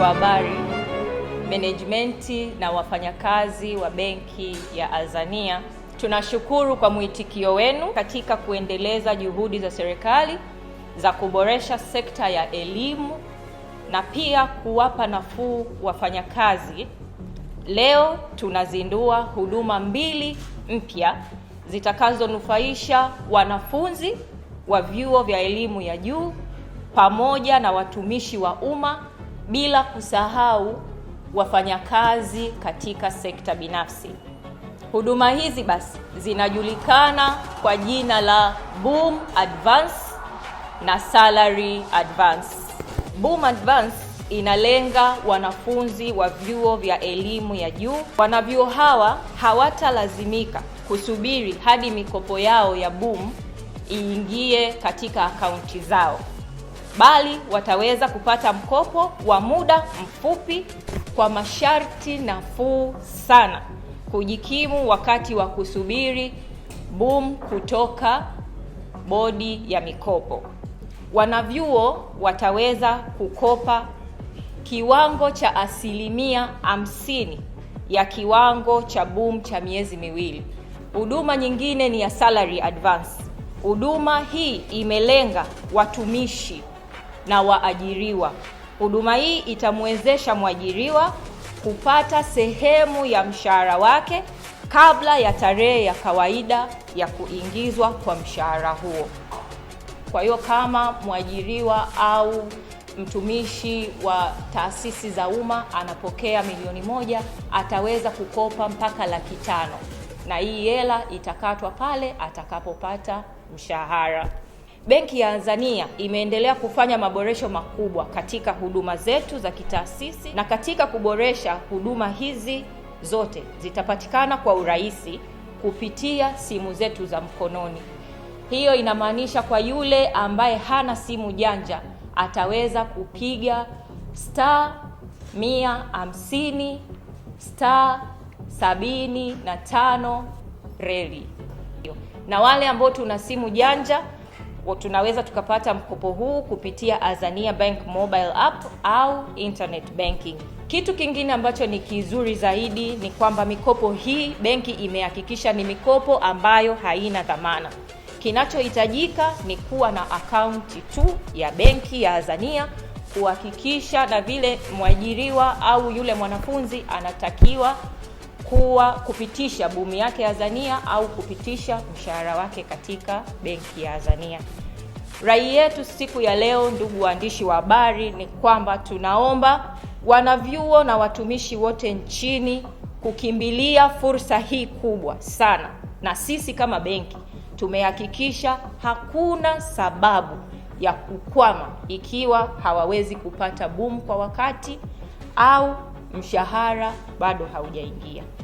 wa habari, menejimenti na wafanyakazi wa Benki ya Azania, tunashukuru kwa mwitikio wenu katika kuendeleza juhudi za serikali za kuboresha sekta ya elimu na pia kuwapa nafuu wafanyakazi. Leo tunazindua huduma mbili mpya zitakazonufaisha wanafunzi wa vyuo vya elimu ya juu pamoja na watumishi wa umma bila kusahau wafanyakazi katika sekta binafsi. Huduma hizi basi zinajulikana kwa jina la Boom Advance na Salary Advance. Boom Advance inalenga wanafunzi wa vyuo vya elimu ya juu. Wanavyuo hawa hawatalazimika kusubiri hadi mikopo yao ya Boom iingie katika akaunti zao bali wataweza kupata mkopo wa muda mfupi kwa masharti nafuu sana kujikimu wakati wa kusubiri bum kutoka bodi ya mikopo. Wanavyuo wataweza kukopa kiwango cha asilimia hamsini ya kiwango cha bum cha miezi miwili. Huduma nyingine ni ya salary advance. Huduma hii imelenga watumishi na waajiriwa. Huduma hii itamwezesha mwajiriwa kupata sehemu ya mshahara wake kabla ya tarehe ya kawaida ya kuingizwa kwa mshahara huo. Kwa hiyo kama mwajiriwa au mtumishi wa taasisi za umma anapokea milioni moja, ataweza kukopa mpaka laki tano na hii hela itakatwa pale atakapopata mshahara. Benki ya Tanzania imeendelea kufanya maboresho makubwa katika huduma zetu za kitaasisi na katika kuboresha huduma hizi zote zitapatikana kwa urahisi kupitia simu zetu za mkononi. Hiyo inamaanisha kwa yule ambaye hana simu janja ataweza kupiga star mia hamsini star sabini na tano reli, na wale ambao tuna simu janja mkopo. Tunaweza tukapata mkopo huu kupitia Azania Bank mobile app au internet banking. Kitu kingine ambacho ni kizuri zaidi ni kwamba mikopo hii benki imehakikisha ni mikopo ambayo haina dhamana. Kinachohitajika ni kuwa na akaunti tu ya benki ya Azania kuhakikisha na vile mwajiriwa au yule mwanafunzi anatakiwa kuwa kupitisha bumi yake ya Azania au kupitisha mshahara wake katika benki ya Azania. Rai yetu siku ya leo, ndugu waandishi wa habari, ni kwamba tunaomba wanavyuo na watumishi wote nchini kukimbilia fursa hii kubwa sana, na sisi kama benki tumehakikisha hakuna sababu ya kukwama ikiwa hawawezi kupata bumu kwa wakati au mshahara bado haujaingia.